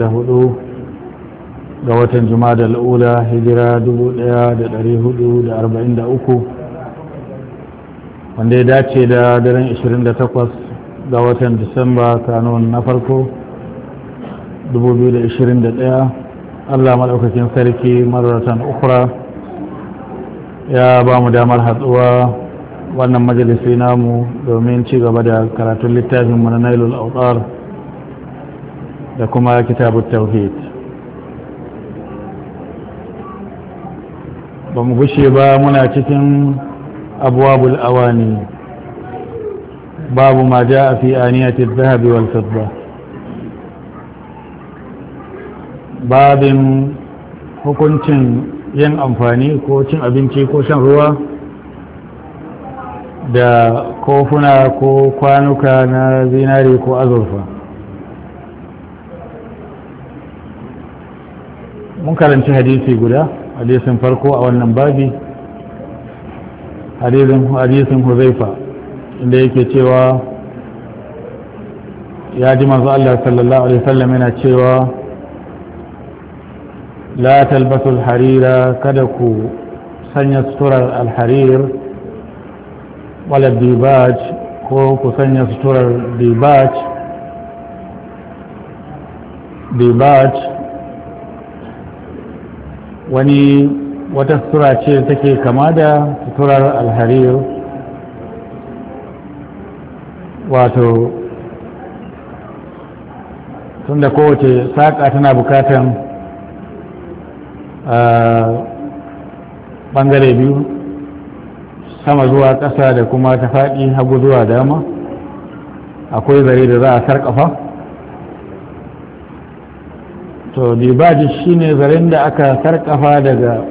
da hudu ga watan da al'ula hijira 1443 wanda ya dace da daren 28 ga watan disamba kanon na farko 2021 allah maɗaukakin sarki mararatan ukura ya ba mu damar hatsuwa wannan majalisi namu domin ci gaba da karatun littafin na nailul autar da kuma kitabun tauhid ba mu gushe ba muna cikin abuwabul awani babu ma ja a fi aniyatul zahabi wal fadda babin hukuncin yin amfani ko cin abinci ko shan ruwa da kofuna ko kwanuka na zinari ko azurfa mun karanci hadisi guda hadisin farko a wannan babi hadisin huzaifa inda yake cewa ya ji manzo Allah sallallahu alaihi wasallam yana cewa la talbasul harira kada ku sanya suturar alharir wala dibaj ko ku sanya suturar dibaj dibaj wani wata sutura ce take kama da suturar alhariyar wato tun da kowace saƙa tana bukatan ɓangare biyu sama zuwa ƙasa da kuma ta faɗi hagu zuwa dama akwai zare da za a sarƙafa to dibaji shine zaren da aka sarkafa daga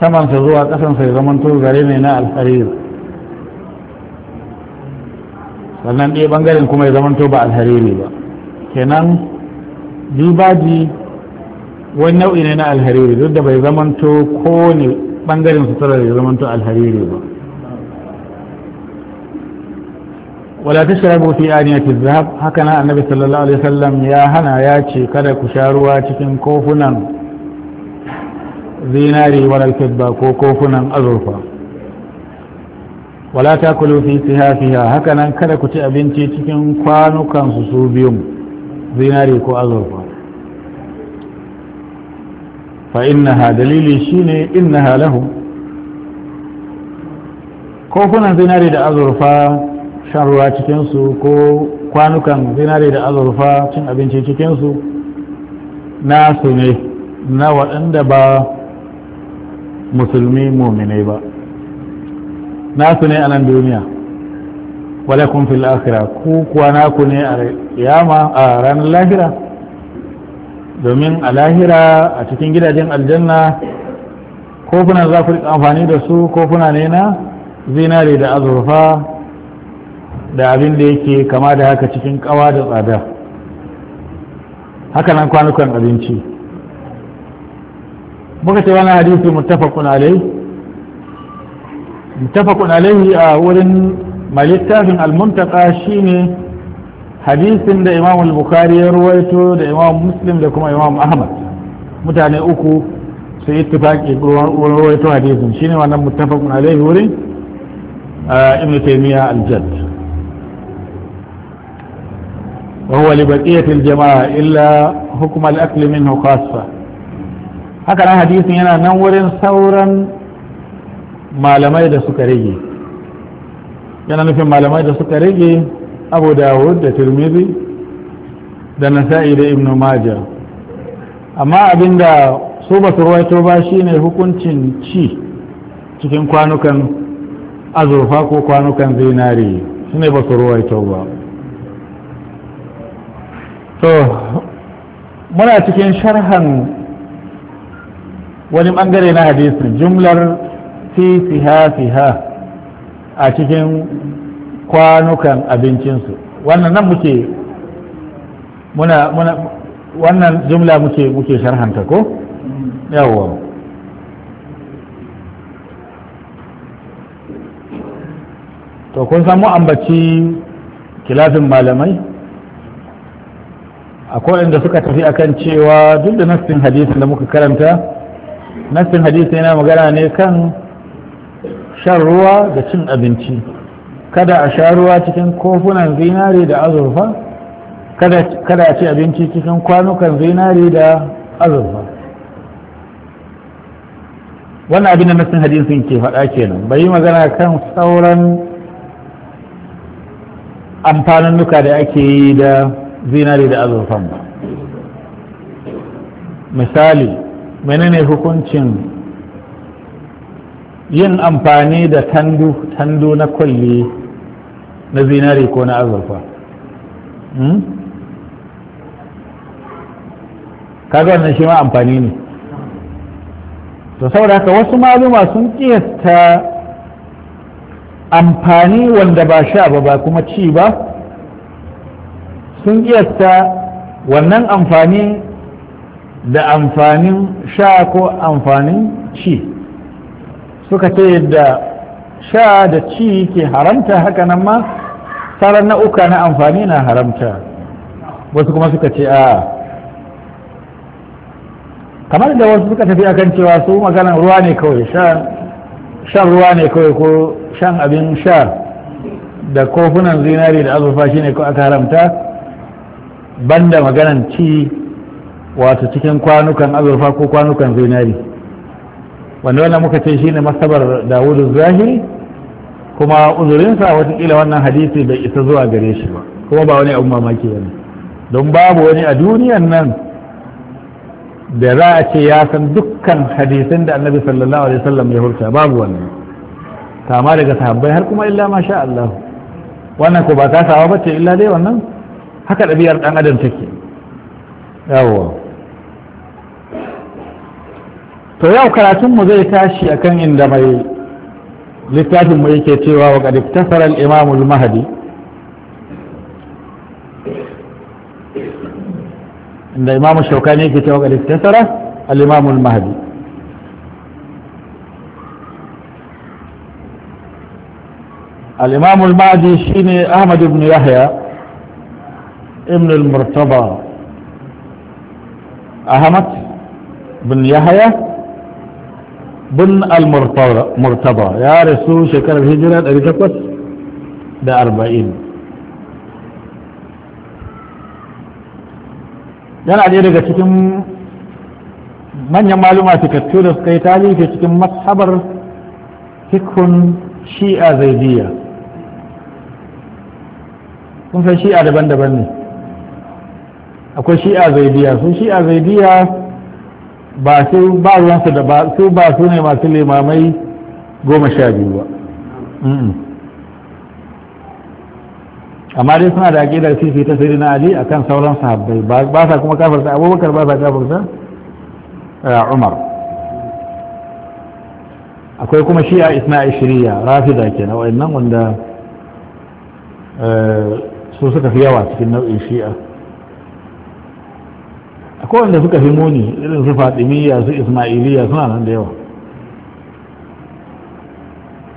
samansa zuwa kasansa ya zamanto zare ne na alharir sannan ɗaya ɓangaren kuma ya zamanto ba alhariri ba kenan dibaji wani nau'i ne na alhariri duk da bai zamanto kowane ɓangaren sutura ya zamanto alhariri ba wala tashrabu fi aniyati dhahab haka nan annabi sallallahu alaihi wasallam ya hana ya ce kada ku sha ruwa cikin kofunan zinari wal fidda ko kofunan azurfa wala takulu fi sihafiha haka nan kada ku ci abinci cikin kwanukan su su biyun zinari ko azurfa fa innaha dalili shine innaha lahu kofunan zinari da azurfa shan ruwa cikinsu ko kwanukan zinare da azurfa cin abinci cikinsu na ne na waɗanda ba musulmi muminai ba nasu ne a nan duniya walakun fil akhira ku kuwa naku ne a yama a ranar lahira domin a lahira a cikin gidajen aljanna kofuna za ku amfani da su kofuna ne na zinare da azurfa da abin da yake kama da haka cikin kawa da tsada hakanan kwanukan abinci muka ce wani hadisi muttafaqun alai muttafaqun alaihi a wurin malittafin almuntaka shine hadisin da imam al ya ruwaito da imam muslim da kuma imam ahmad mutane uku su yi ittifaqi ruwaito hadisin shine wannan muttafaqun alaihi wurin ibn taymiya al-jadd وهو لبقية الجماعة إلا حكم الأكل منه hadisin yana nan wurin sauran ثورا ما لميد سكري yana nufin malamai da suka rage abu dawud da turmizi da nasa'i da ibn maja amma abinda su basu su ruwaito ba shine hukuncin ci cikin kwanukan azurfa ko kwanukan zinari shine ba su ruwaito ba to muna cikin sharhan wani bangare na hadisi jumlar fi fiha fiha a cikin kwanukan abincinsu wannan nan muke muna muna wannan jumla muke muke sharhanta ko yawwa to kun samu ambaci kilafin malamai akwai wanda suka tafi akan cewa duk da nassin hadisi da muka karanta nassin hadisi yana magana ne kan shan ruwa da cin abinci kada a sha ruwa cikin kofunan zinare da azurfa kada a ci abinci cikin kwanukan zinare da azurfa wannan abin da nassin hadisin ke faɗa kenan bai yi magana kan sauran amfanin nuka da ake yi da zinari da azurfan ba misali menene hukuncin yin amfani da tandu tandu na kwalli na zinari ko na azurfa hmm? kaga wannan shi ma amfani ne to saboda haka wasu maluma sun kiyasta amfani wanda ba sha ba ba kuma ci ba sun iyasta wannan amfani da amfanin sha ko amfanin ci suka ce yadda sha da ci ke haramta haka nan ma tsarar na'uka na amfani na haramta wasu kuma suka ce a kamar da wasu suka tafi akan cewa su maganar ruwa ne kawai shan ruwa ne kawai ko shan abin sha da kofunan zinari da azurfa shi ne ko aka haramta banda maganan ci wato cikin kwanukan azurfa ko kwanukan zinari wanda wannan muka ce shine masabar dawudu zahiri kuma uzurinsa watakila wannan hadisi bai isa zuwa gare shi ba kuma ba wani abu mamaki ba don babu wani a duniyan nan da za a ce ya san dukkan hadisin da annabi sallallahu alaihi wasallam ya hurta babu wannan kama daga sahabbai har kuma illa masha Allah wannan ko ba ta sawa bace illa dai wannan haka ɗabi'ar ɗan adam take yawo to yau karatunmu zai tashi akan inda mai littafinmu yake cewa wa ƙarfi tasarar imamul mahadi عند إمام الشوكاني في توقع الاكتسرة al’imamul mahadi الإمام المهدي شيني أحمد بن يحيى ابن المرتضى اهمت بن يحيى بن المرتضى مرتضى يا رسول شكر الهجرة ابي تكوس باربعين يعني عدي رجل شكم من يمالو ما تكتول في شكم مصحبر فكهن شيئة زيدية كن في شيئة دبن دبن akwai shi'a zaidiya sun shi'a zaidiya ba su ba ruwansu da ba su ba su ne masu limamai goma sha biyu ba amma dai suna da aƙidar fifi ta sirri na ali a kan sauran sahabbai ba sa kuma kafarsa abubakar ba sa a eh, umar akwai kuma shi'a isna shirya rafida kenan wa'annan wanda eh, su suka fi yawa cikin nau'in shi'a akwai wanda suka fi muni irin su fatimiyya su ismailiyya suna nan da yawa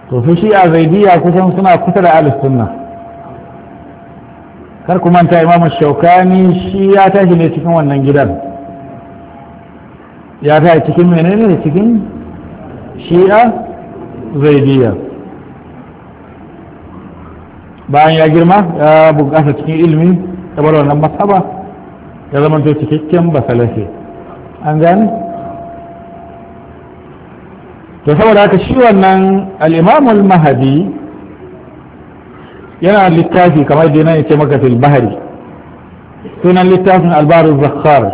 to su a zaidiya kusan suna kusa da Alistunna. kar ku manta imamu shaukani shi ya tashi ne cikin wannan gidan ya tashi cikin menene cikin shi'a zaidiya bayan ya girma ya bukasa cikin ilmi ta bar wannan masaba ya zama to cikakken basalafe an gane to saboda haka shi wannan al'imamul mahadi yana littafi kamar da yana ce maka fil bahari sunan littafin albaru zakhar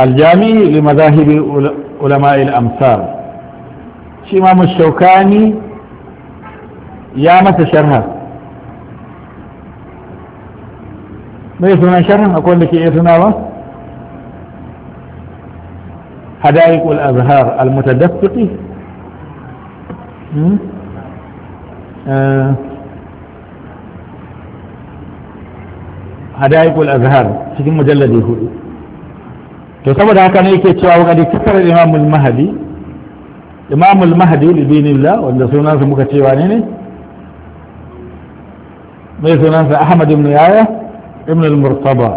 aljami li mazahibi ulama'il amsar shi ma mushaukani ya masa sharha mai sunan sharhin akwai wanda ke iya tunawa hadayi al azhar al mutadaffiqi hadaiq hmm? eh. al azhar cikin mujalladi hudu to saboda haka ne yake cewa wani kasar imam al mahdi imam al mahdi li dinillah wanda sunansa muka cewa ne ne mai sunansa ahmad ibn yaya ibn al-murtaba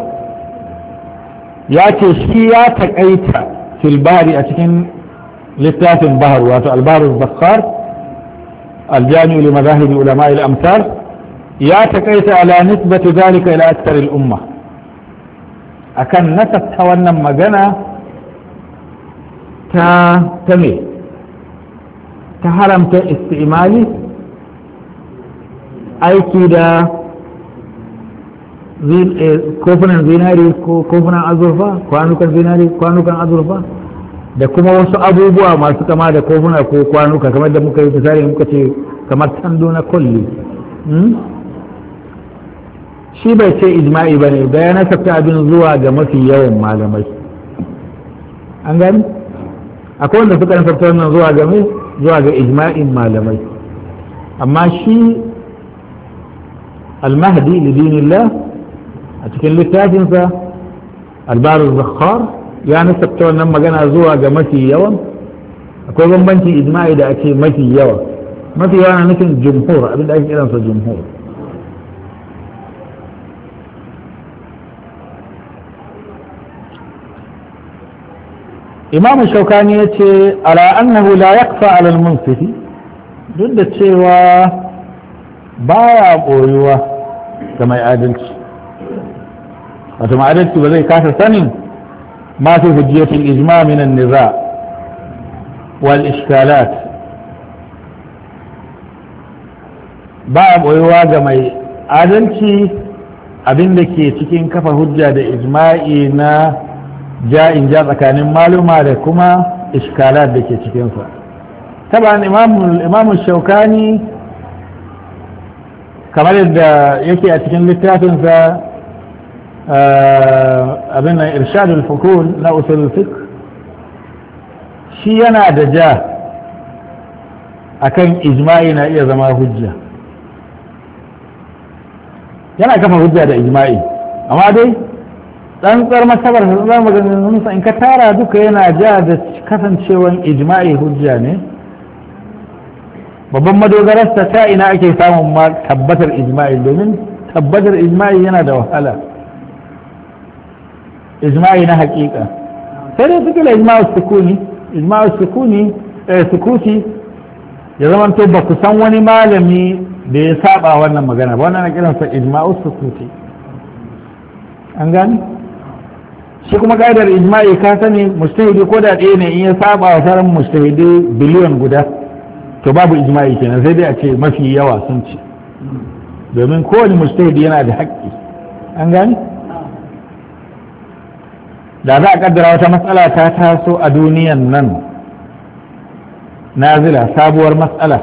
ya ce shi ya takaita filbari a cikin littafin bahar wato albarul bakkar aljami'u li mazahibi ulama al-amsal ya taƙaita ala nisbatu zalika ila akthar al-umma akan nasabta wannan magana ta ta me ta haramta istimali aiki da Eh, kofunan zinari ko kofunan azurfa kwanukan zinari kwanukan azurfa da kuma wasu abubuwa masu kama da kofuna ko kwanuka kamar da muka yi misali muka ce kamar tando na kulli hmm? shi bai ce ijma'i ba ne bayanan sabta abin zuwa ga mafi yawan malamai an gani akwai wanda suka sabta wannan zuwa ga mai zuwa ga ijma'in malamai amma shi almahdi lidinillah اتكن لتاتن فا البار الزخار يعني سبتون نما جانا زوا جمتي يوم اكو بنتي ادماعي دا اكي متي يوم متي انا نكن جمهور ابن دا اكي انسا جمهور إمام الشوكاني يتي على أنه لا يقفى على المنصف ضد تشيوا بايا بويوا كما يعادلش wato ma'adarci ba zai kasa sanin ma fi hujjatin ijma minan niza wal iskalat ba a ga mai adalci abin da ke cikin kafa hujja da ijma'i na ja'in ja tsakanin maluma da kuma iskalat da ke cikinsa taban imamun shaukani kamar yadda yake a cikin littafinsa abin nan irshadul fukul na usul fiqh shi yana da ja akan ijma'i na iya zama hujja yana kafa hujja da ijma'i amma dai tsantsar masabar tsantsar maganganunsa in ka tara duka yana ja da kasancewan ijma'i hujja ne babban madogararsa ta ina ake samun tabbatar ijma'i domin tabbatar ijma'i yana da wahala ijma'i na haƙiƙa sai dai su kila ijma'u sukuni ijma'u sukuni sukuti ya zama to ba ku san wani malami da ya saba wannan magana ba wannan kiran kiransa ijma'u sukuti an gani shi kuma ka'idar ijma'i ka sani mustahidi ko da ɗaya ne in ya saba wa sauran mustahidi biliyon guda to babu ijma'i kenan sai dai a ce mafi yawa sun ci domin kowane mustahidi yana da haƙƙi an gani da za a kaddara wata matsala ta taso a duniyan nan nazila sabuwar matsala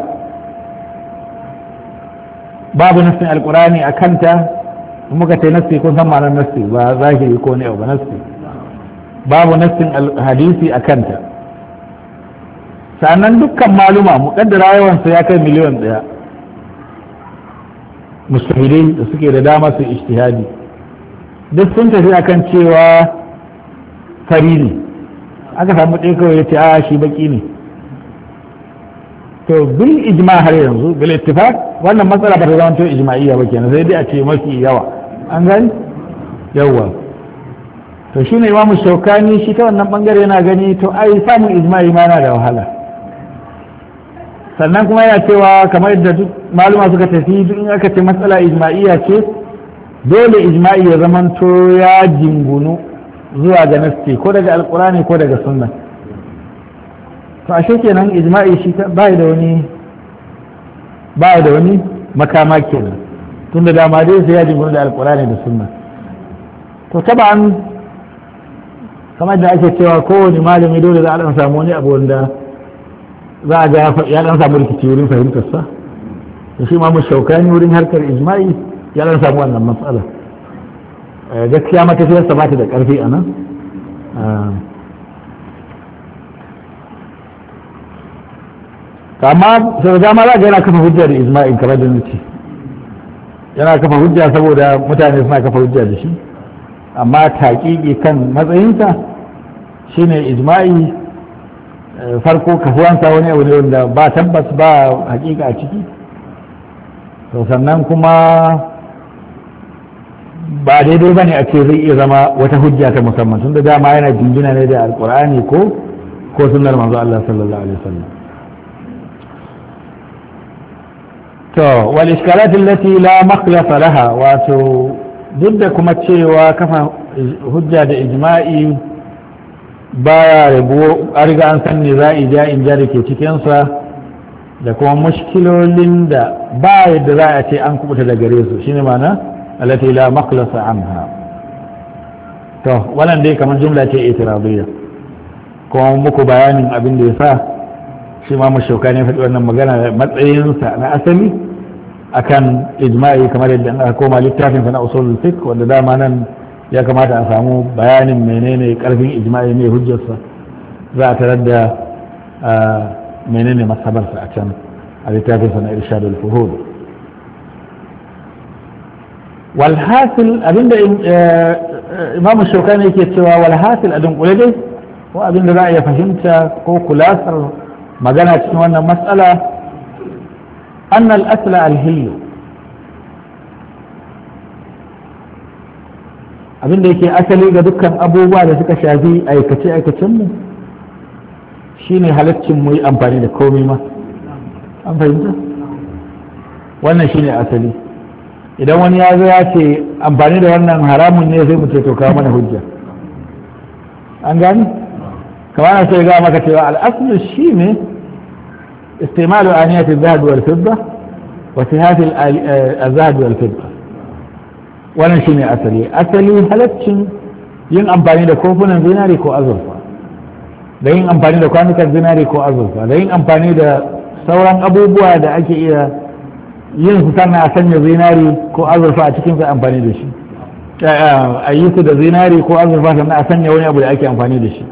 babu nassin alkurani a kanta muka ce nasi kun san ma'anar nasi ba zahiri ko ne ba nasi babu nassin hadisi a kanta sannan dukkan maluma muƙaddara yawansu ya kai miliyan ɗaya mustahidai da suke da dama su ishtihadi duk sun tafi akan cewa fari ne aka samu ɗaya kawai ya ce a shi baki ne to bil ijma har yanzu bil ittifaq wannan matsala ba ta zama ijma'iyya ba kenan sai dai a ce mafi yawa an gani yawa to shi ne imamu shaukani shi ta wannan bangare yana gani to ai samun ijma'i ma na da wahala sannan kuma yana cewa kamar yadda duk maluma suka tafi duk in aka ce matsala ijma'iyya ce dole ijma'i ya zamanto ya jingunu zuwa ga nasti ko daga alkurani ko daga sunna to ashe kenan ijma'i shi bai da wani bai da wani makama kenan tunda dama dai sai ya jinguna da alkurani da sunna to taban kamar da ake cewa kowane malami dole za a dan samu wani abu wanda za a ga ya dan samu rikici wurin fahimtarsa da shi ma mu shaukani wurin harkar ijma'i ya dan samu wannan matsala Eh, gaskiya matafiyarsa ba ta da ƙarfi a nan eh, amma sau dama za yana kafa hujja da isma'il kamar da nuti. yana kafa hujja saboda mutane suna kafa hujja da shi amma taƙiƙi kan matsayinsa shine isma'il eh, farko kafuwansa wani abu ne wanda ba tabbas ba hakika a ciki sannan kuma ba daidai ba ne a ce zai iya zama wata hujja ta musamman da dama yana jinjina ne da alkur'ani ko ko sunnar manzo Allah sallallahu alaihi wasallam to wal iskalat allati la makhlasa laha wato duk da kuma cewa kafa hujja da ijma'i baya rabuwa a riga an san ne za ja in ja da ke cikinsa da kuma mushkilolin da ba yadda za a ce an kubuta daga gare su shine ma'ana التي لا مخلص عنها to wannan dai kamar jumla ce itiradiyya kuma muku bayanin abin da ya sa shi ma mashauka ne faɗi wannan magana matsayinsa na asali akan ijma'i kamar yadda aka koma littafin sa na usul fiqh wanda dama nan ya kamata a samu bayanin menene karfin ijma'i ne hujjarsa za a tarar da menene masabarsa a can a littafin sa na irshadul fuhud walhasil abinda imamu shaukani yake cewa walhasil a dunkule dai ko abinda za iya fahimta ko kulasar magana cikin wannan matsala annal asla alhillu abinda yake asali ga dukkan abubuwa da suka shafi aikace-aikacenmu shine halaccin mu yi amfani da komai ma an fahimta wannan shine asali idan wani ya zo ya ce amfani da wannan haramun ne sai mu ce to kawo mana hujja an gani kamar na sai ga maka cewa al'aslu shi ne istimalu aniyati zahad wal fidda wa sihati al-zahad eh, wal fidda wannan shine asali asali halaccin yin amfani da kofunan zinari ko azurfa da yin amfani da kwanukan zinari ko azurfa da yin amfani da sauran abubuwa da ake iya yin su tana sanya zinari ko azurfa a cikin sai amfani da shi a yi su da zinari ko azurfa sannan a sanya wani abu da ake amfani da shi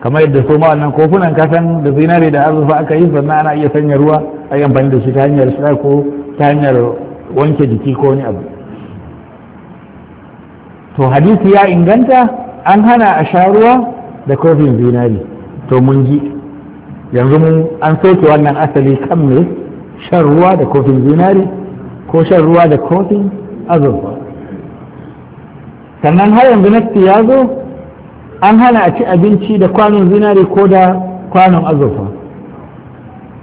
kamar yadda su wannan kofunan kasan da zinari da azurfa aka yi sannan ana iya sanya ruwa a yi amfani da shi ta hanyar sha ko ta hanyar wanke jiki ko wani abu to hadisi ya inganta an hana a sha ruwa da kofin zinari to mun ji yanzu mun an soke wannan asali kan me shan ruwa da kofin zinari ko shan ruwa da kofin azurfa sannan har yanzu nasti ya zo an hana a ci abinci da kwanon zinari ko da kwanon azurfa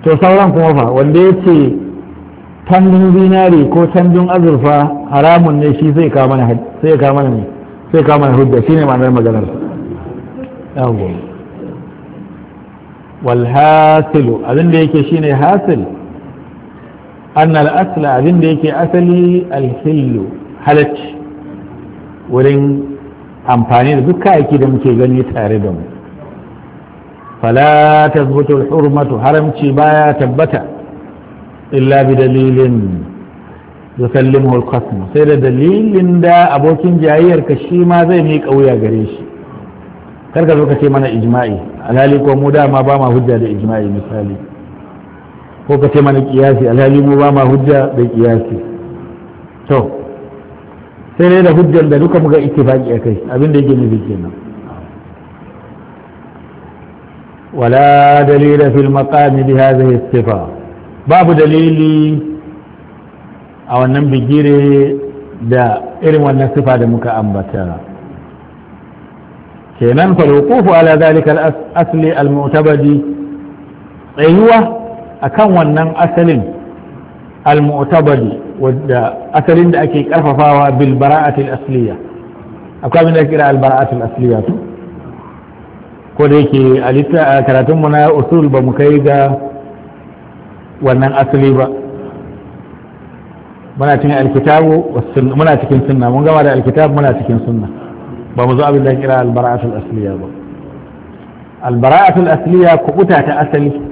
to sauran kuma fa wanda ya ce tandun zinari ko tandun azurfa haramun ne shi zai kama mana sai ne sai kama na hujja ne ma'anar maganar yawo wal hasilu abin da yake shine hasil an al’asla abin da yake asali alhillu halacci wurin amfani da duk kayaki da muke gani tare da mu fala ta hurmatu haramci baya tabbata illa bi dalilin yusallimu al-qasm sai da dalilin da abokin jayayyar ka shi ma zai mi wuya gare shi karka zo ka ce mana ijma'i alhali ko mu da ba ma hujja da ijma'i misali ko ka ce mana kiyasi alhali mu ba ma hujja da kiyasi to sai dai da hujjar da duka muka ittifaqi kai abin da yake nufi kenan wala dalila fil maqami bi hadhihi istifa babu dalili a wannan bigire da irin wannan sifa da muka ambata kenan fa ala dhalika al asli al mu'tabadi tsayuwa akan wannan asalin al-mu'tabadi wadda asalin da ake karfafawa bil bara'atil asliya akwai abin da kira al bara'atil asliya to ko da yake a karatun mu na usul ba mu kai ga wannan asali ba muna cikin alkitabu muna cikin sunna mun gama da alkitab muna cikin sunna ba mu zo abin da kira al bara'atil asliya ba al bara'atil asliya kubuta ta asali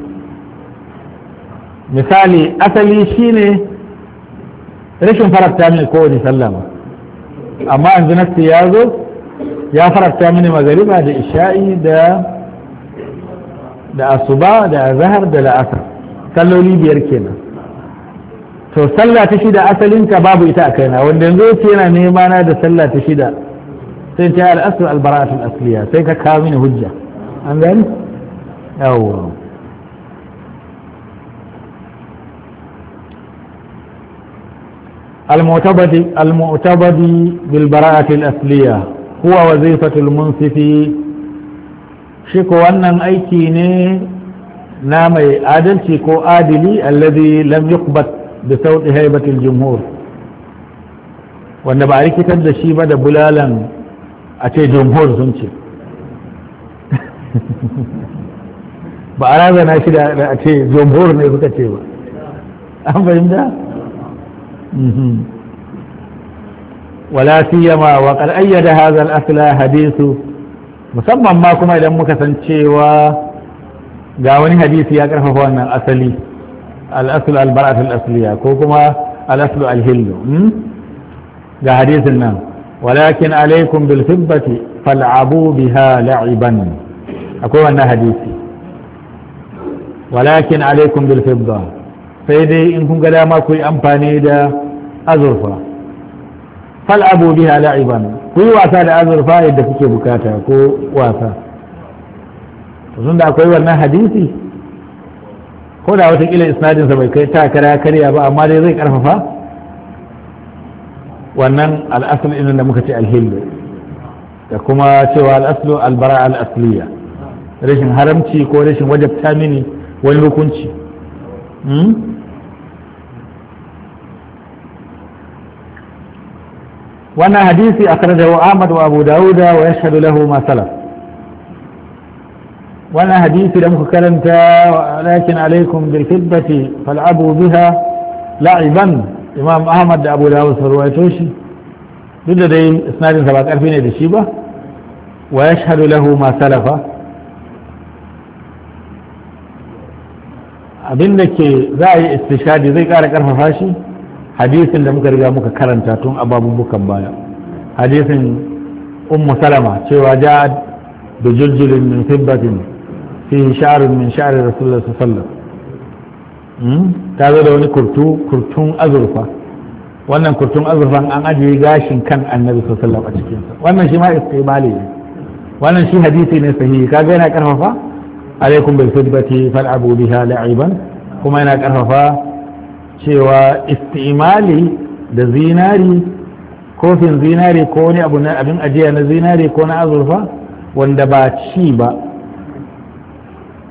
misali asali shine rashin faranta mini kowane sallah ba amma yanzu nasti ya zo ya farafta mini magariba da isha'i da da asuba da azhar da la'asar salloli biyar kenan to sallah ta shida asalinka babu ita a kaina wanda yanzu ce yana nema na da sallah ta shida sai ta al-asr al asliya sai ka kawo mini hujja an gani yawwa المعتبد المعتبد بالبراءة الأصلية هو وظيفة المنصف شكو أن أيكيني نامي عادل شكو عادلي الذي لم يقبض بصوت هيبة الجمهور wanda ba a rikitar da shi ba da bulalan a ce jamhur sun ce ba a razana shi da a ce jamhur ne suka ce ba an fahimta wala siyama wa qad ayyada hadha al-asla hadithu musamman ma kuma idan muka san cewa ga wani hadisi ya karfafa wannan asali al-aslu al-bara'at al-asliya ko kuma al-aslu al-hillu ga hadisin nan walakin alaikum bil fibbati fal'abu biha la'iban akwai wannan hadisi walakin alaikum bil fibba sai dai in kun ga dama ku yi amfani da azurfa fal abu biha la'iban ku yi wasa da azurfa yadda kuke bukata ko wasa tun da akwai wannan hadisi ko da watakila isnadinsa bai kai takara karya ba amma dai zai karfafa wannan al'asul inda muka ce alhillu da kuma cewa al'aslu albara al'asliya rashin haramci ko rashin wajabta mini wani hukunci hmm? وانا حديثي اخرجه احمد وابو داود ويشهد له ما سلف وانا حديثي لم كلمت ولكن عليكم بالفضة فالعبوا بها لعبا امام احمد دا ابو داود سرويتوشي duk da dai isnadinsa ba karfi ne da shi ba wa ya shahadu lahu ma salafa abinda ke za a yi istishadi zai kara karfafa shi hadisin da muka riga muka karanta tun ababubukan baya hadisin ummu salama cewa ja da jirjirin min fibbatin fi sha'arin min sha'arin rasulullah sallallahu hmm? ta zo da wani kurtu kurtun azurfa wannan kurtun azurfan an ajiye gashin kan annabi sallallahu a cikinsa wannan shi ma istibali ne wannan shi hadisi ne sahihi kaga yana karfafa alaikum bil fibbati fal'abu biha la'iban kuma yana karfafa cewa istimali da zinari kofin zinari ko wani abu na abin ajiya na zinari ko na azurfa wanda ba ci ba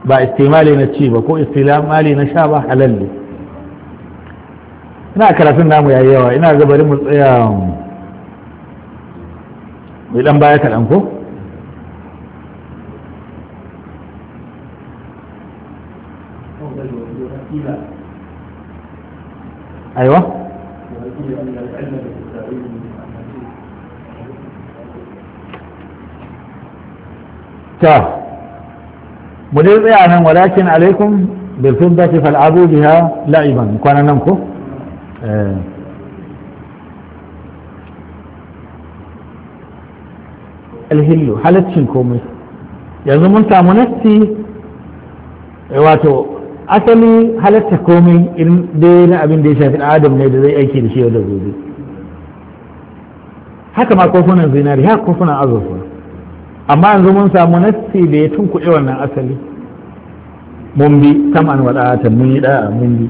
ba istimali na ci ba ko istimali na sha ba halal ne ina karatun namu yayi yawa ina bari mu tsaya mu dan baya kaɗan ko أيوة تا مدير يعني ولكن عليكم بالفضة فالعبوا بها لعبا كان نمكو الهلو حالتشن شنكو yanzu mun samu nasti asali halatta komai in dai na abin da ya shafi adam ne da zai aiki da shi yau da gobe haka ma kofunan zinari haka kofunan azurfa amma yanzu mun samu nassi da ya tunkuɗe wannan asali mun bi saman wadata mun yi da'a mun bi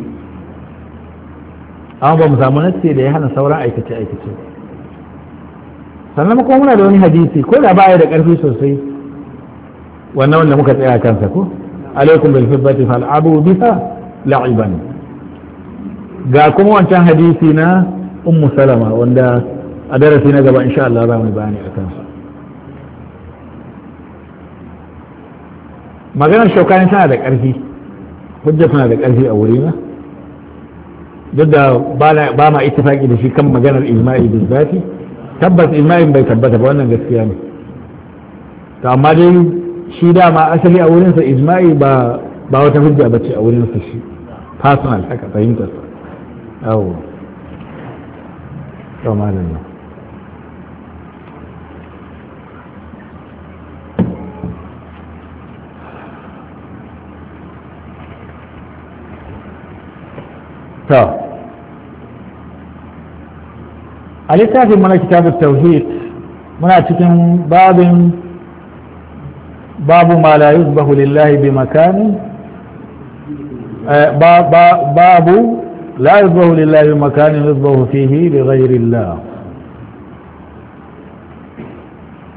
amma ba mu samu nassi da ya hana sauran aikace aikace sannan kuma muna da wani hadisi ko da ba ya da ƙarfi sosai wannan wanda muka tsaya kansa ko alaikum bil fiddati fal'abu biha la'iban ga kuma wancan hadisi na ummu salama wanda a darasi na gaba insha Allah za mu bayani a kansa maganar shaukani tana da ƙarfi hujja tana da ƙarfi a wurina duk da ba ma ittifaki da shi kan maganar ijma'i bizati tabbas ijma'in bai tabbata ba wannan gaskiya ne to amma dai shi dama asali a wurinsa ijma'i ba ba wata hujja bace a wurinsa shi personal haka fahimtar sa awo to malam ne to a littafin mana kitabut tauhid muna cikin babin babu ma eh, babu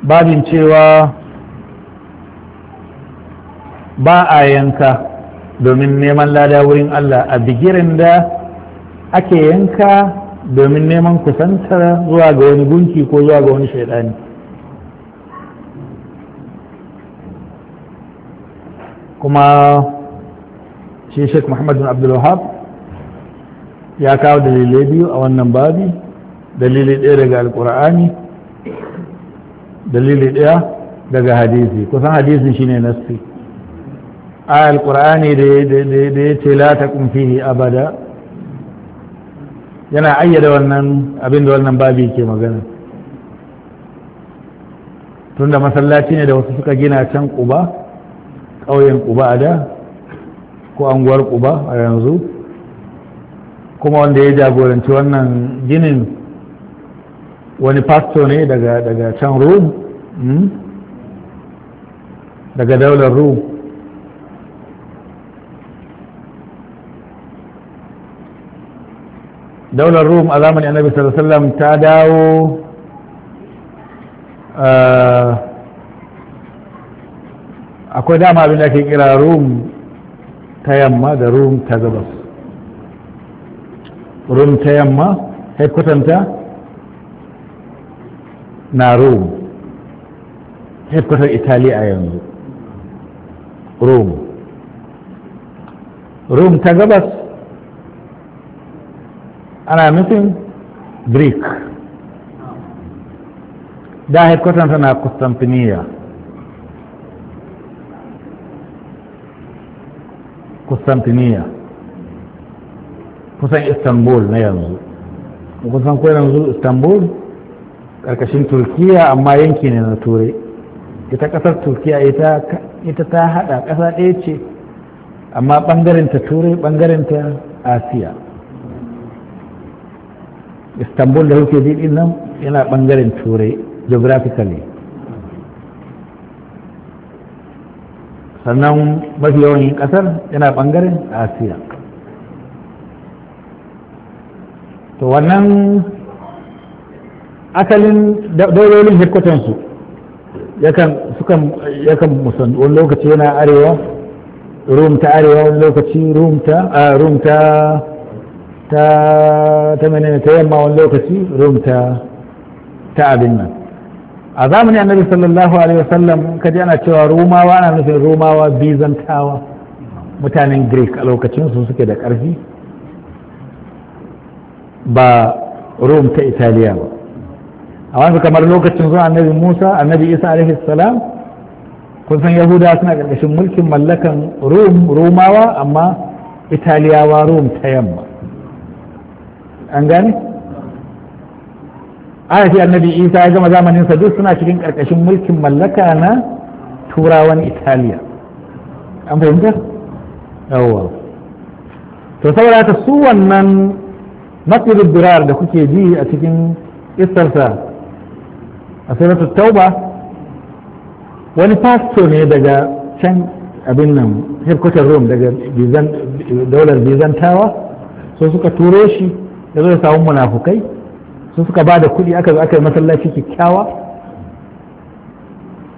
babin cewa ba a yanka domin neman lada wurin Allah a bigirin da ake yanka domin neman kusantar zuwa ga wani gunki ko zuwa ga wani shaidani kuma shi sheik muhammadu abdullahab ya kawo dalilai biyu a wannan babi dalili ɗaya daga alkur'ani dalili ɗaya daga hadisi kusan hadisi shine nassi a alkur'ani da ya ce la taqum fihi abada yana ayyada wannan abin da wannan babi ke magana tunda masallaci ne da wasu suka gina can kuba ƙauyen ƙuba a da ko anguwar ƙuba a yanzu kuma wanda ya jagoranci wannan ginin wani pasto ne daga can rum hmm? daga daular rum daular rum a zamanin annabi sallallahu alaihi wasallam ta dawo uh, akwai dama abin da ke kira rum ta yamma da rum ta gabas rum ta yamma haikwatanta na rum haikwatar italiya yanzu rum rum ta gabas ana nufin greek da haikwatanta na constantinople Constantiniya kusan Istanbul na yanzu kusan ko yanzu Istanbul ƙarƙashin Turkiya amma yanki ne na Turai ita ƙasar Turkiya ita ta haɗa ƙasa ɗaya ce amma ɓangarenta Turai ɓangarenta Asiya Istanbul da kuke ji nan yana ɓangaren Turai geographically sannan mafi yawan kasar yana bangaren asiya to wannan asalin daulolin ya yakan musamman wani lokaci yana arewa rum ta arewa wani lokaci rum ta rum ta ta ta yamma wani lokaci rum ta ta abin nan a zamanin annabi sallallahu alaihi wasallam kaji ana cewa romawa ana nufin romawa bizantawa mutanen greek a lokacin su suke da ƙarfi ba rome ta italiya ba a wani kamar lokacin zuwa annabi musa annabi isa alaihi salam kun san yahudawa suna ƙarƙashin mulkin mallakan romawa amma italiyawa rome ta yamma an gane aka ce annabi isa ya gama zamaninsa duk suna cikin karkashin mulkin mallaka na turawan italiya an fahimta yawwa to saboda ta su wannan matsalin birar da kuke ji a cikin istarsa a suratul tauba wani fasto ne daga can abin nan hirkutar rom daga daular bizantawa so suka turo shi ya zo da samun munafukai sun suka ba da kuɗi aka zo aka yi masallaci kyakkyawa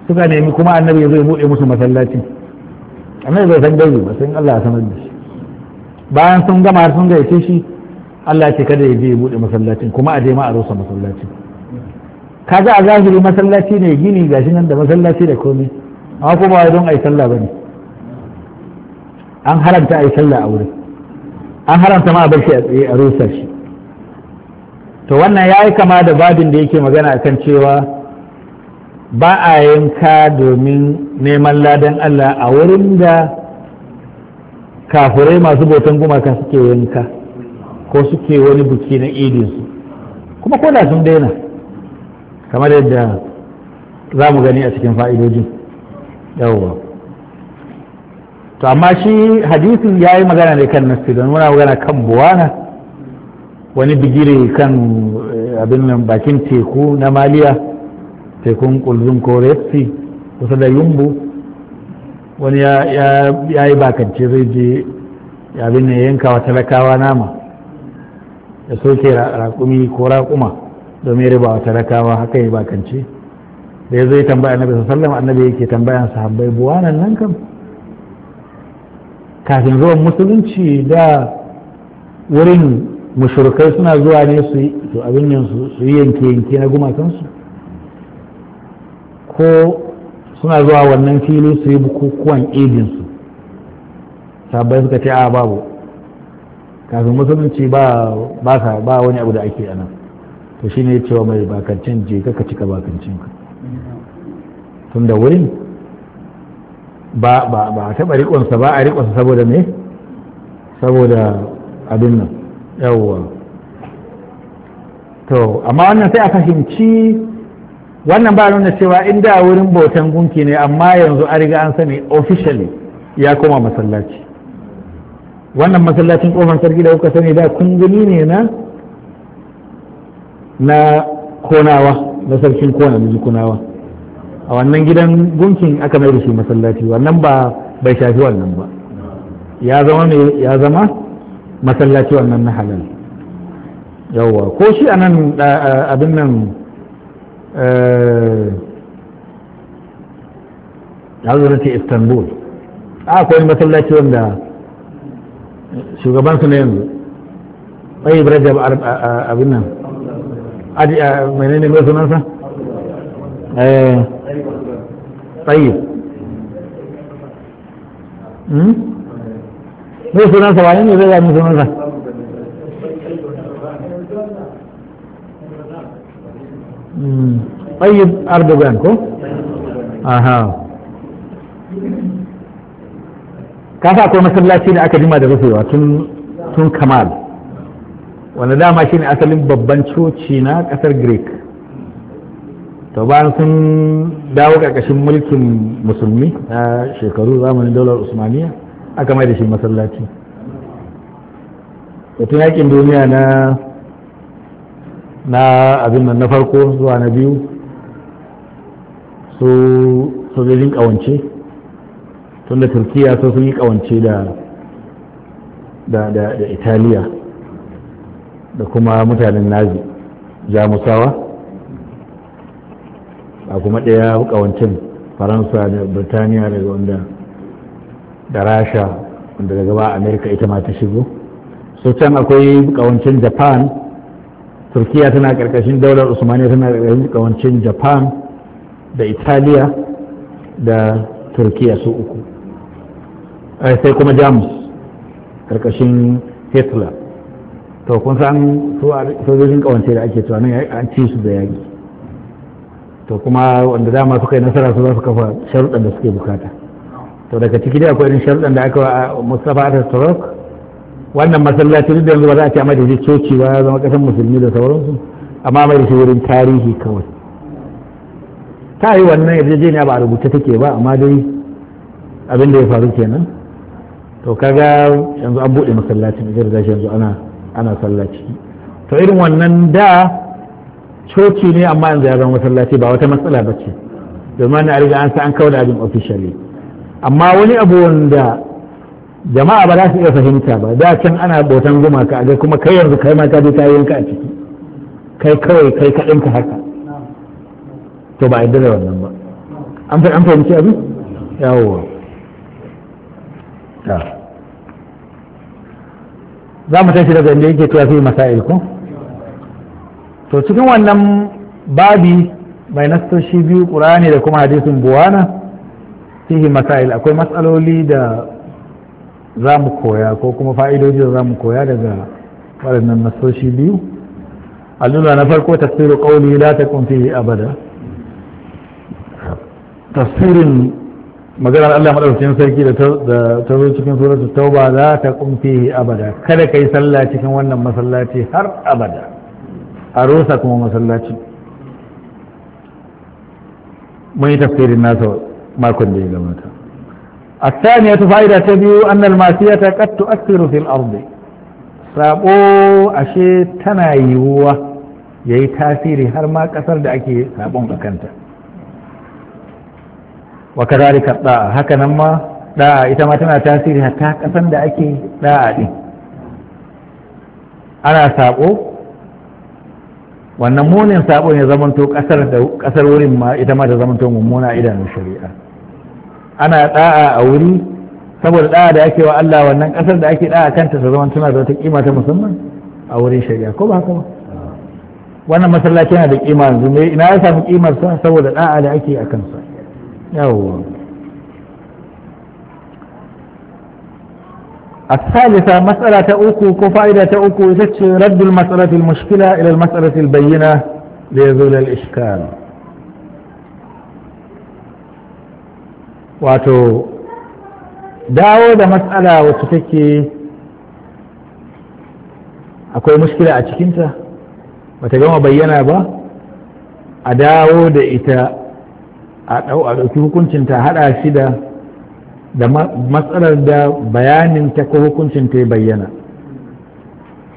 suka nemi kuma annabi ya zo ya buɗe musu masallaci annabi bai san gaibi ba sai Allah ya sanar da shi bayan sun gama sun gaice shi Allah ya ce kada ya je ya buɗe masallacin kuma a je ma a rusa masallacin kaga a zahiri masallaci ne gini gashi nan da masallaci da komai amma kuma ba don ai sallah bane an haramta ai sallah a wurin an haramta ma a bar shi a tsaye a rusa shi to wannan ya yi kama da babin da yake magana kan cewa ba a yanka domin neman ladan Allah a wurin da kafurai masu botan gumaka suke yanka ko suke wani buki na idinsu kuma ko da sun daina kamar yadda za mu gani a cikin fa'idojin yawwa to amma shi hadisin ya yi magana ne kan nasti don muna magana kan buwana wani bigire kan eh, abin nan bakin teku na maliya tekun kulzum ko repsi kusa da yumbu wani ya yi bakance zai je abin yanka wa talakawa nama ya soke raƙumi ko raƙuma domin riba wa talakawa haka yi bakance da ya zai tambaya annabi sallam annabi yake tambayan sahabbai buwanan nan kam kafin zuwan musulunci da wurin mushrikai suna zuwa ne su to abin yansu su yi yanke yanke na gumakansu ko suna zuwa wannan fili su yi bukukuwan idinsu sabai suka ce a babu kafin musulunci ba ba ba wani abu da ake anan to shine cewa mai bakancin je ka cika bakancin ka tun da wurin ba ba ba taɓa riƙonsa ba a riƙonsa saboda me saboda abin nan yawwa to amma wannan sai a fahimci wannan ba nuna cewa inda wurin bautan gunki ne amma yanzu an riga an sani officially ya koma masallaci wannan masallacin kofar sarki da kuka sani da kunguni ne na na konawa na sarkin kona na jikunawa a wannan gidan gunkin aka mai da shi masallaci wannan ba bai shafi wannan ba ya zama ya zama masallaci wannan na halal yawwa ko shi a nan abin nan ya ce istanbul a akwai masallaci wanda shugabansu na yanzu ɗayib rajab abin nan a mai sunansa ɗayib eh, hmm? mai sa wani ne zai zami sunansa hmm. tsayin ardogan ko? aha kasa akwai masallaci da aka jima da rufewa tun kamal wanda dama shine asalin babban coci na kasar greek to bayan sun dawo ƙarƙashin mulkin musulmi a shekaru zamanin daular usmaniya aka mai da shi masallaci tun yakin duniya na na abin nan na farko zuwa na biyu su sojojin kawance tun da turkiya sun sun yi kawance da da da italiya da kuma mutanen nazi jamusawa a kuma ɗaya kawancin faransa da birtaniya daga wanda da rasha wanda daga ba amerika ita ma ta shigo so can akwai kawancin japan turkiya tana karkashin daular usmaniya tana karkashin kawancin japan da italiya da turkiya su uku sai kuma jamus karkashin hitler to kun san sojojin kawance da ake cewa nan an ci su da yaƙi to kuma wanda dama suka yi nasara su za su kafa sharuɗan da suke bukata to daga ciki dai akwai irin sharɗan da aka wa Mustapha Ataturk wannan masallacin da yanzu ba za a ce mai da coci ba ya zama ƙasar musulmi da sauransu amma mai shi wurin tarihi kawai ta yi wannan yarjejeniya ba a rubuce take ba amma dai abin da ya faru kenan to kaga yanzu an buɗe masallacin da riga yanzu ana ana sallaci to irin wannan da coci ne amma yanzu ya zama masallaci ba wata matsala ba ce domin na riga an sa an kawo da abin officially amma wani abu wanda jama'a ba za su iya fahimta ba da can ana botan gumaka a kuma kai yanzu kai ma ka je ta yanka a ciki kai kawai kai kaɗin ka haka to ba a yadda da wannan ba an fahimci abin yawo za mu tashi daga inda yake cewa fi masail ko to cikin wannan babi mai nastoshi biyu ne da kuma hadisin buwana fihi masail akwai matsaloli da za mu koya ko kuma fa'idoji da za mu koya daga waɗannan nasoshi biyu allura na farko tafsirin ƙauli la ta fihi abada tafsirin maganar Allah maɗaukacin sarki da ta zo cikin suratu tauba za ta fihi abada kada ka yi sallah cikin wannan masallaci har abada a rusa kuma masallaci mun yi tafsirin nasa makon da ya gabata ya ta biyu, تبيو أن المعصية قد تؤثر fil الأرض sabo ashe tana yiwuwa ya yi tasiri har ma ƙasar da ake sabon a kanta wa kazalika da'a haka nan ma ɗa'a ita ma tana tasiri hatta ƙasar da ake ɗa'a din ana sabo wannan munin sabo ya zamanto kasar da wurin ma ita ma da zamanto mummuna idanun shari'a ana da'a a wuri saboda da'a da ake wa Allah wannan kasar da ake da'a kanta ta zama tana da wata kima ta musamman a wurin shari'a ko ba haka ba wannan masallaci yana da kima yanzu ne ina ya samu kimar sa saboda da'a da ake a kansa yawwa الثالثة مسألة أوكو كفائدة أوكو تتش رد المسألة المشكلة إلى المسألة البينة ليزول الإشكال wato dawo da matsala wacce take akwai muskila a cikinta ta gama bayyana ba a dawo da ita a ɗauki hukuncinta haɗa shi da da matsalar da bayanin ta ko hukuncin ta ya bayyana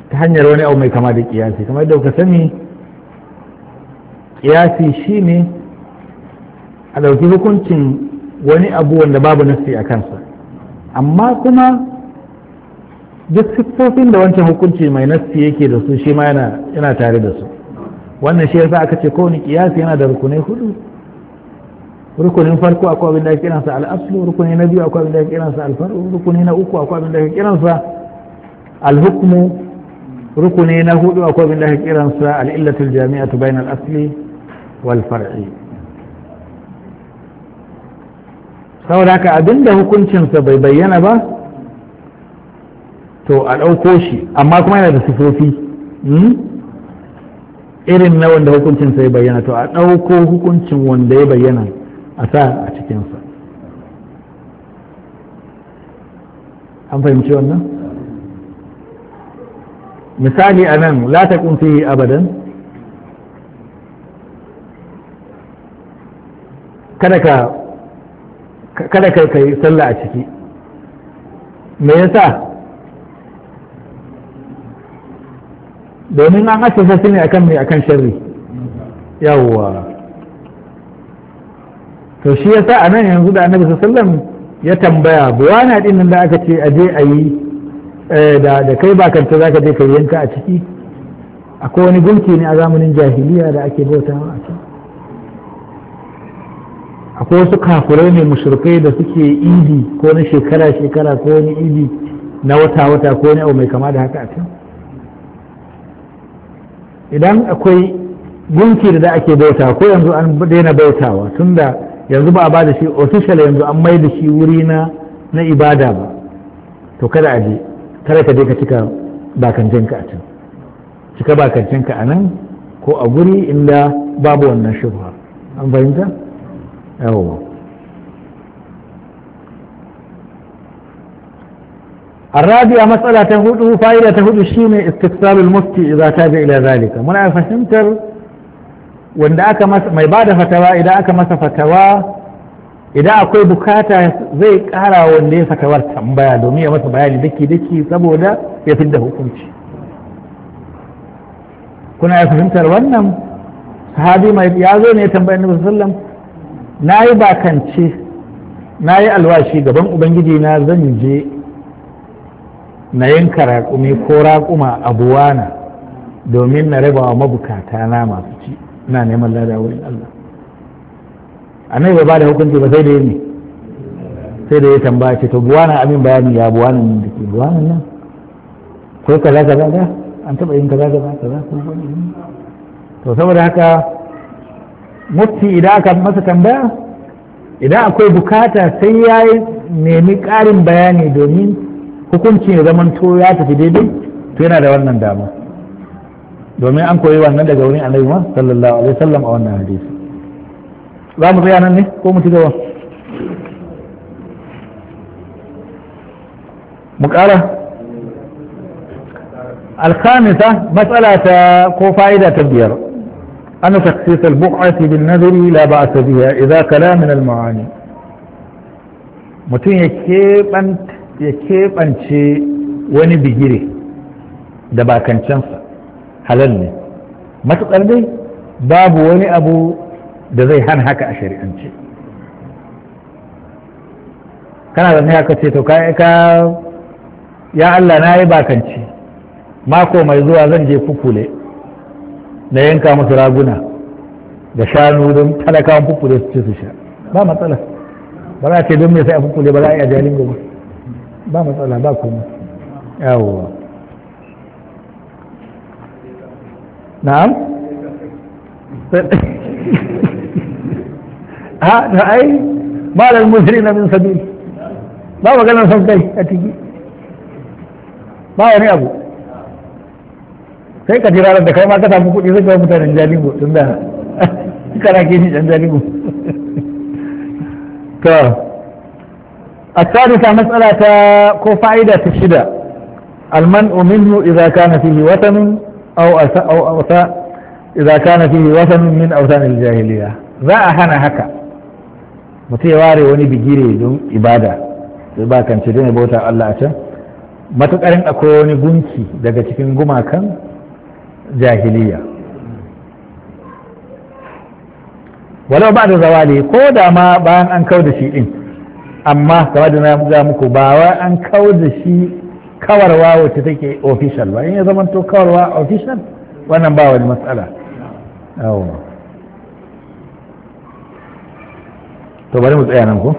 ta hanyar wani abu mai kama da kiyasi kamar yadda ka sani kiyasi shine a ɗauki hukuncin wani abu wanda babu nasi a kansa amma kuma duk siffofin da wancan hukunci mai nasi yake da su shi ma yana tare da su wannan shi yasa aka ce ko wani kiyasi yana da rukunai hudu rukunin farko akwai abin da ake kiransa al'aslu rukuni na biyu akwai abin da ake kiransa alfaru rukuni na uku akwai abin da ake kiransa alhukmu rukuni na hudu akwai abin da ake kiransa al'illatul jami'atu bainal asli wal far'i saboda haka abinda hukuncinsa bai bayyana ba to a ɗauko shi amma kuma yana da sifofi hmm? irin na wanda hukuncinsa ya bayyana to a ɗauko hukuncin wanda ya bayyana a sa a cikinsa an fahimci wannan misali a nan lata ta kunfi abadan kada ka kada kai kai sallah a ciki me yasa domin an asasa shi ne akan mai akan sharri yawwa to shi yasa a nan yanzu da annabi sallam ya tambaya buwana din nan da aka ce a je a yi eh, da kai ba kanta zaka je ka yanka a ciki akwai wani gunki ne a zamanin jahiliya da ake bautawa a ciki akwai wasu kafirai ne mushrikai da suke idi ko na shekara shekara ko wani idi na wata wata ko wani abu mai kama da haka a can idan akwai gunki da ake bauta ko yanzu an daina bautawa tunda yanzu ba a ba da shi official yanzu an mai da shi wuri na na ibada ba to kada a je kada ka je ka cika bakantinka a can cika bakantinka a nan ko a guri inda babu wannan shubha an fahimta yawo arabiya matsala ta hudu fa'ida ta hudu shine istiksalul mufti idza tabi ila zalika muna fahimtar wanda aka masa mai bada fatawa idan aka masa fatawa idan akwai bukata zai kara wanda ya fatawar tambaya domin ya masa bayani daki daki saboda ya fidda hukunci kuna ya wannan sahabi mai ya zo ne tambayar nabi sallallahu na yi bakance na yi alwashi gaban ubangiji na zan je na yanka raƙumi ko raƙuma a abuwana domin na raba wa mabukata na masu ci na neman lada wurin Allah annabi bai ba da hukunci ba sai da yi sai da ya tambaya ce to buwana amin bayani ya buwana nan da ke buwana nan ko kaza kaza da an taɓa yin kaza kaza kaza ko to saboda haka mufti idan aka masa tambaya idan akwai bukata sai ya nemi ƙarin bayani domin hukunci ya zaman to ya tafi daidai to yana da wannan dama domin an koyi wannan daga wurin annabi ma sallallahu alaihi wasallam a wannan hadisi za mu tsaya nan ne ko mu ci gaba mu ƙara الخامسة مسألة كوفايدة biyar. أن تخصيص البقعة بالنذر لا بأس بها إذا كلا من المعاني mutum ya keɓance wani bigiri da bakancensa halal ne matuƙar dai babu wani abu da zai hana haka a shari'ance kana da haka ce to ka ya Allah na yi bakanci mako mai zuwa zan je kukule na yanka musu raguna da shanu don talakawan fukule su ce su sha ba matsala ba za a ce don me sai a fukule ba za a yi jalin gaba ba matsala ba kuma yawowa na'am ha na ai malar musiri na min sabi ba maganar son kai a ciki ba wani abu sai ka jira da kai ma ka samu kuɗi zai ga mutanen jalingo tun da kana gini dan jalingo to asadisa matsala ta ko fa'ida ta shida alman minhu idza kana fi watan aw asa aw asa idza kana fihi watan min awtan aljahiliya za a hana haka mutum ya ware wani bigire don ibada sai ba kan ce dai bauta Allah a can matukarin akwai wani gunki daga cikin gumakan jahiliya walau ba da zawali ko da ma bayan an kau da shi din amma kamar da na ga muku ba wa an kau da shi kawarwa wacce take official ba in ya zama to kawarwa official wannan ba wani matsala to bari mu tsaya nan ko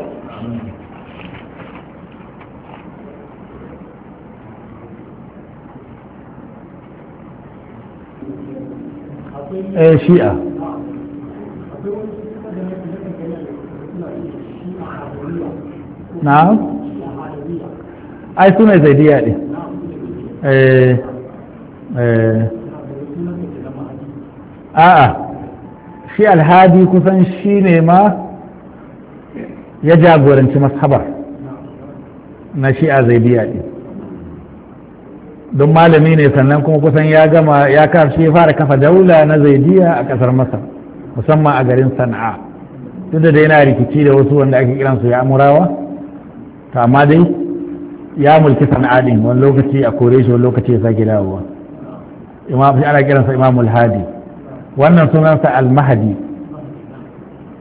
Eh, shi'a na ai suna zaidiya ɗin eh, eh. a'a shi alhadi kusan shi ne ma ya jagoranci mashabar na shi'a zaidiya ɗin don malami ne sannan kuma kusan ya gama ya karshe fara kafa daula na zaidiya a kasar masar musamman a garin sana'a duk da yana rikici da wasu wanda ake kiran su ya amurawa to amma dai ya mulki sana'a din wani lokaci a kore shi wani lokaci ya sake dawowa imam ana kiransa imam al-hadi wannan sunansa al-mahdi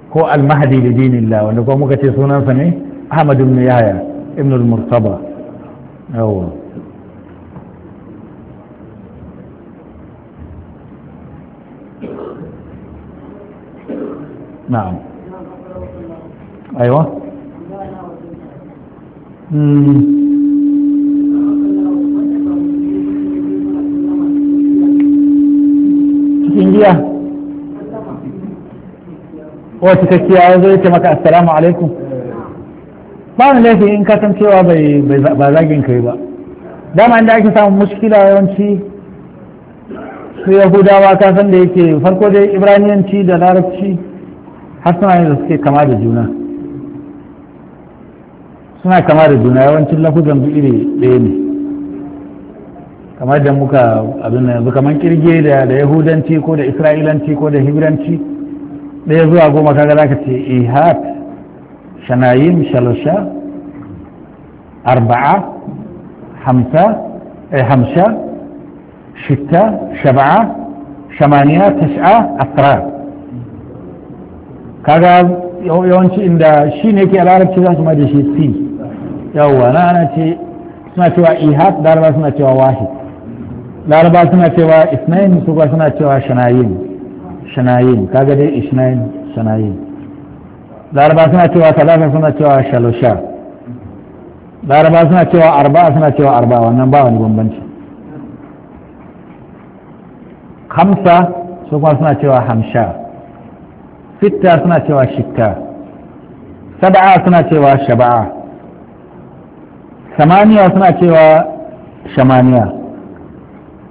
ko al-mahdi da dinillah wanda kuma muka ce sunansa ne ahmad ibn yahya ibn al-murtaba yawwa na'am aiwa cikin giya ko cikakkiya ya zo yake maka assalamu alaikum ba ni laifi in ka san cewa ba zagin kai ba dama inda ake samun muskila yawanci su yahudawa ka san da yake farko dai ibraniyanci da larabci har suna yin da suke kama da juna suna kama da juna yawancin lafuzan iri ɗaya ne kamar da muka abin yanzu kamar kirge da da yahudanci ko da isra'ilanci ko da hibiranci ɗaya zuwa goma kaga za ka ce ihat shanayim shalasha arba'a hamsa eh, hamsha shitta shaba'a shamaniya tas'a asrar kaga yawanci inda shi ne ke larabci za su maje da shi sin yawwa na ana ce suna cewa ihad laraba suna cewa wahid laraba suna cewa isnayin su ba suna cewa shanayin shanayin kaga dai isnayin shanayin laraba suna cewa talata suna cewa shalusha laraba suna cewa arba'a suna cewa arba wannan ba wani bambanci hamsa su kuma suna cewa hamsha fitta suna cewa shikka saba'a suna cewa shaba'a samaniya suna cewa shamaniya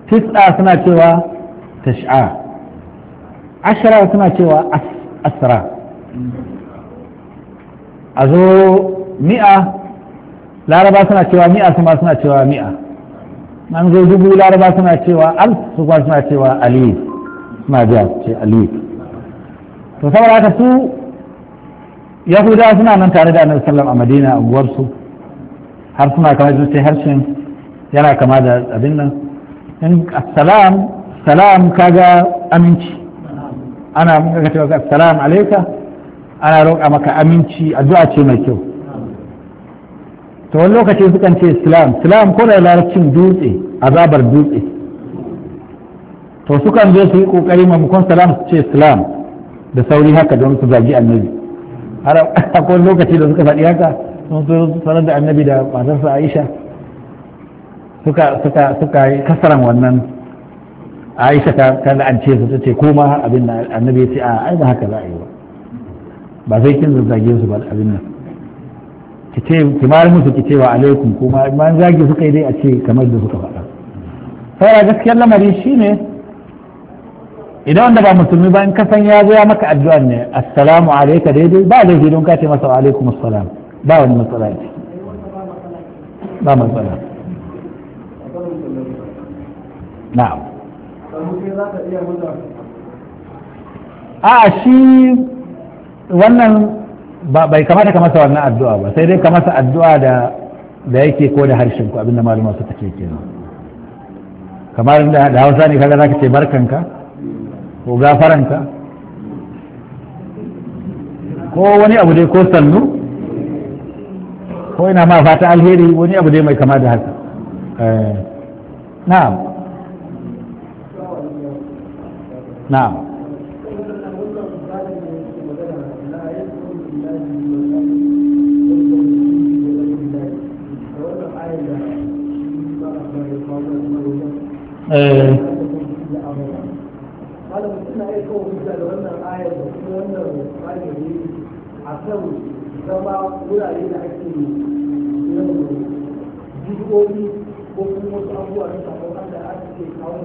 tis'a suna cewa tash'a ashara suna cewa asra a zo mi'a laraba suna cewa mi'a su suna cewa mi'a an zo dubu laraba suna cewa alf su suna cewa alif suna biya ce alif to saboda haka su yahudawa suna nan tare da annabi sallam a madina a uwarsu har suna kama da sai harshen yana kama da abin nan in assalam salam kaga aminci ana mun muka cewa assalamu alaika ana roƙa maka aminci addu'a ce mai kyau to wani lokaci sukan ce islam islam ko da larabcin dutse azabar dutse to sukan je su yi kokari maimakon salam su ce islam da sauri haka don su zagi annabi har akwai lokaci da suka faɗi haka sun so sanar da annabi da matarsa aisha suka suka suka yi kasaran wannan aisha ta ta la'ance su ta ce ko ma abin da annabi ya ce a ai ba haka za a yi ba ba sai kin zage su ba abin nan ki ce ki mar musu ki ce wa alaikum kuma ma zage suka yi dai a ce kamar da suka faɗa sai gaskiyar lamari shine idan wanda ba musulmi ba in ka san ya zo ya maka addu'a ne assalamu alayka daidai ba laifi don ka ce masa wa alaikum assalam ba wani matsala ce ba matsala na'am a shi wannan bai kamata ka masa wannan addu'a ba sai dai ka masa addu'a da da yake ko da harshen ku abinda malama suka ce kenan kamar da hausa ne kaga zaka ce barkanka ko gafaranta ko wani abu dai ko sannu ko ina ma fata alheri wani abu dai mai kama da haka eh, na'am na'am eh wannan magani a kan zama wurare da ake jihohi ko kuma wasu abubuwa da ake kawo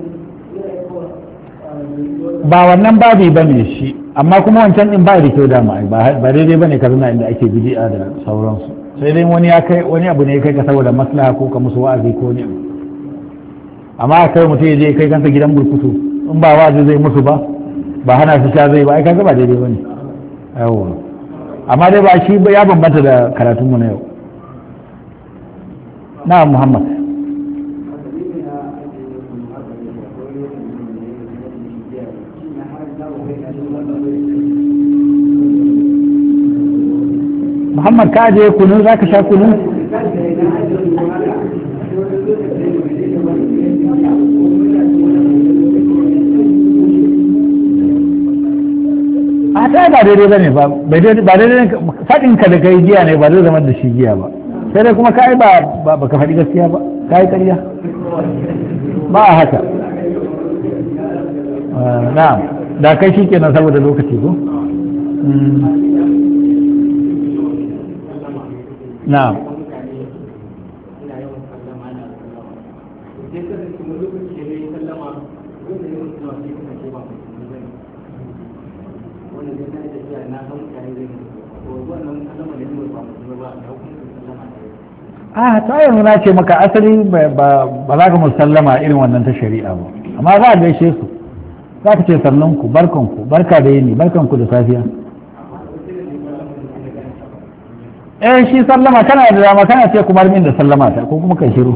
ne yana yi ah, ba wannan babi ba ne shi amma kuma wancan din ba da kyau dama ba daidai ba ne ka zana inda ake bidi'a da sauransu sai dai wani ya kai wani abu ne ya kai ka saboda maslaha ko ka musu wa'azi ko ne amma a kai mutum ya je kai kansa gidan burkutu in ba wa'azi zai musu ba ba hana su sha zai ba ai kaga ba daidai bane yawa amma dai ba shi ya bambanta da karatun na yau na muhammad muhammad ka je kunu za ka sha kunu ai ba daidai bane ba ba daidai ne faɗin ka da kai giya ne ba zai zama da shi giya ba sai dai kuma kai ba ba ka faɗi gaskiya ba kai ƙarya ba a haka ah, na da kai shi kenan saboda lokaci ko hmm. na'am a ta yanzu na ce maka asali ba za ka musallama irin wannan ta shari'a ba amma za a gaishe su za ka ce sannanku barkanku barka da yini barkanku da safiya eh shi sallama kana da dama kana ce kuma min da sallama ta ko kuma kai shiru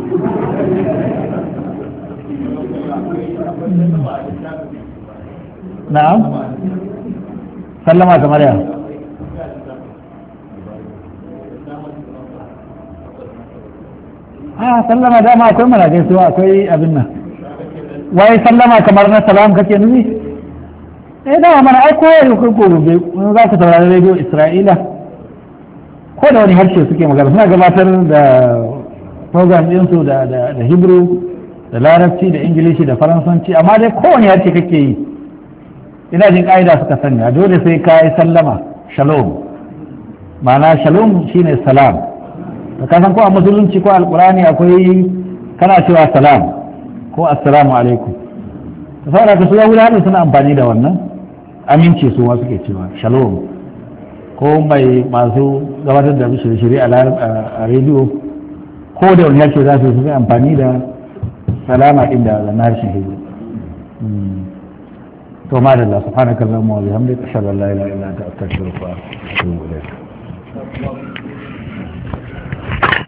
na'am sallama ta yau a ah, sallama dama akwai mana gaisuwa akwai abin nan wai sallama kamar na salam kake nuni eh dama mana ai ko yau ko gobe mun za ka saurari rediyo Isra'ila ko da wani harshe suke magana suna gabatar da program din su da da Hebrew da Larabci da Ingilishi da Faransanci amma dai kowane harshe kake yi ina jin ka'ida suka sanya dole sai ka yi sallama shalom ma'ana shalom shine salam ka san ko a musulunci ko alkurani akwai kana cewa salam ko assalamu alaikum ta saboda ka su yahudawa suna amfani da wannan aminci su wasu ke cewa shalom ko mai masu gabatar da shirye-shirye a rediyo ko da wani harshe za su yi amfani da salama inda da na harshen hijira hmm. to ma da Allah subhanaka Allahumma wa bihamdika ashhadu an la ilaha illa anta astaghfiruka wa atubu ilayk